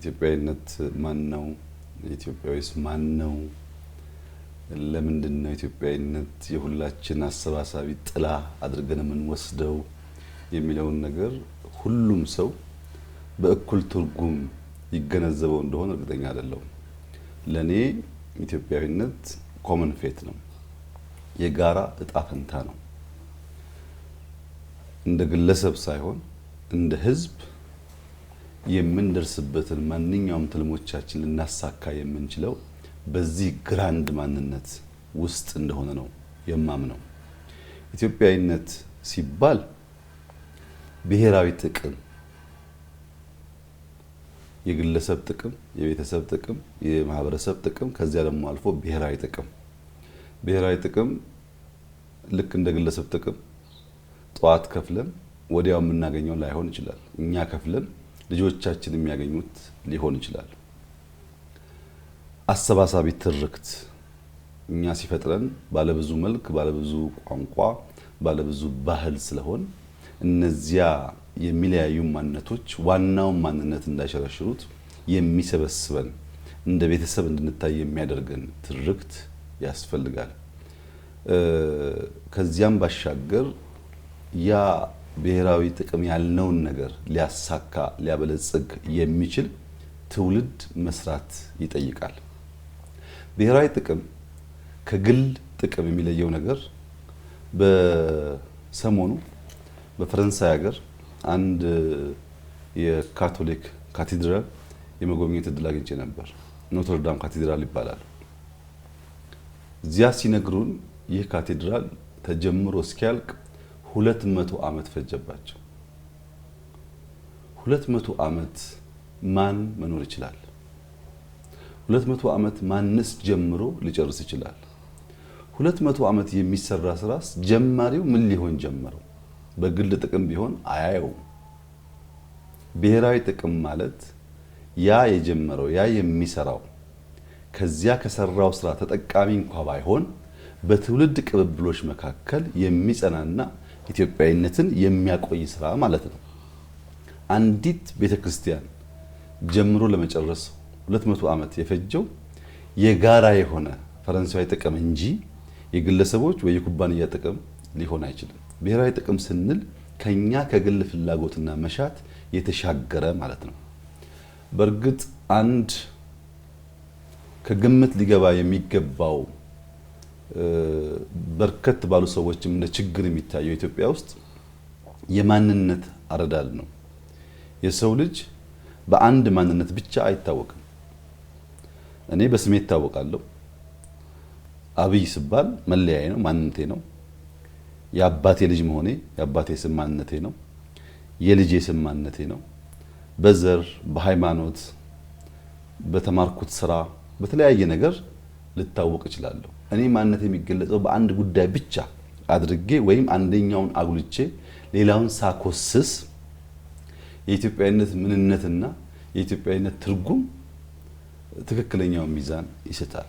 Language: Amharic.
ኢትዮጵያዊነት ማን ነው? ኢትዮጵያዊስ ማን ነው? ለምንድን ነው ኢትዮጵያዊነት የሁላችን አሰባሳቢ ጥላ አድርገን የምንወስደው የሚለውን ነገር ሁሉም ሰው በእኩል ትርጉም ይገነዘበው እንደሆነ እርግጠኛ አይደለሁም። ለእኔ ኢትዮጵያዊነት ኮመን ፌት ነው፣ የጋራ እጣ ፈንታ ነው። እንደ ግለሰብ ሳይሆን እንደ ሕዝብ የምንደርስበትን ማንኛውም ትልሞቻችን ልናሳካ የምንችለው በዚህ ግራንድ ማንነት ውስጥ እንደሆነ ነው የማምነው። ኢትዮጵያዊነት ሲባል ብሔራዊ ጥቅም፣ የግለሰብ ጥቅም፣ የቤተሰብ ጥቅም፣ የማህበረሰብ ጥቅም ከዚያ ደግሞ አልፎ ብሔራዊ ጥቅም። ብሔራዊ ጥቅም ልክ እንደ ግለሰብ ጥቅም ጠዋት ከፍለን ወዲያው የምናገኘው ላይሆን ይችላል። እኛ ከፍለን ልጆቻችን የሚያገኙት ሊሆን ይችላል። አሰባሳቢ ትርክት እኛ ሲፈጥረን ባለብዙ መልክ፣ ባለብዙ ቋንቋ፣ ባለብዙ ባህል ስለሆን እነዚያ የሚለያዩ ማንነቶች ዋናውን ማንነት እንዳይሸረሽሩት የሚሰበስበን እንደ ቤተሰብ እንድንታይ የሚያደርገን ትርክት ያስፈልጋል። ከዚያም ባሻገር ያ ብሔራዊ ጥቅም ያልነውን ነገር ሊያሳካ ሊያበለጽግ የሚችል ትውልድ መስራት ይጠይቃል። ብሔራዊ ጥቅም ከግል ጥቅም የሚለየው ነገር በሰሞኑ በፈረንሳይ ሀገር አንድ የካቶሊክ ካቴድራል የመጎብኘት እድል አግኝቼ ነበር። ኖትርዳም ካቴድራል ይባላል። እዚያ ሲነግሩን ይህ ካቴድራል ተጀምሮ እስኪያልቅ ሁለት መቶ ዓመት ፈጀባቸው። ሁለት መቶ ዓመት ማን መኖር ይችላል? ሁለት መቶ ዓመት ማንስ ጀምሮ ሊጨርስ ይችላል? ሁለት መቶ ዓመት የሚሰራ ስራስ ጀማሪው ምን ሊሆን ጀመረው? በግል ጥቅም ቢሆን አያየውም። ብሔራዊ ጥቅም ማለት ያ የጀመረው ያ የሚሰራው ከዚያ ከሰራው ስራ ተጠቃሚ እንኳ ባይሆን በትውልድ ቅብብሎች መካከል የሚጸናና ኢትዮጵያዊነትን የሚያቆይ ስራ ማለት ነው። አንዲት ቤተክርስቲያን ጀምሮ ለመጨረስ 200 ዓመት የፈጀው የጋራ የሆነ ፈረንሳዊ ጥቅም እንጂ የግለሰቦች ወይ የኩባንያ ጥቅም ሊሆን አይችልም። ብሔራዊ ጥቅም ስንል ከኛ ከግል ፍላጎትና መሻት የተሻገረ ማለት ነው። በእርግጥ አንድ ከግምት ሊገባ የሚገባው በርከት ባሉ ሰዎችም እንደ ችግር የሚታየው ኢትዮጵያ ውስጥ የማንነት አረዳድ ነው። የሰው ልጅ በአንድ ማንነት ብቻ አይታወቅም። እኔ በስሜ ይታወቃለሁ። አብይ ስባል መለያዬ ነው፣ ማንነቴ ነው። የአባቴ ልጅ መሆኔ የአባቴ ስም ማንነቴ ነው። የልጄ ስም ማንነቴ ነው። በዘር፣ በሃይማኖት፣ በተማርኩት ስራ፣ በተለያየ ነገር ልታወቅ እችላለሁ። እኔ ማንነት የሚገለጸው በአንድ ጉዳይ ብቻ አድርጌ ወይም አንደኛውን አጉልቼ ሌላውን ሳኮስስ የኢትዮጵያዊነት ምንነትና የኢትዮጵያዊነት ትርጉም ትክክለኛውን ሚዛን ይስታል።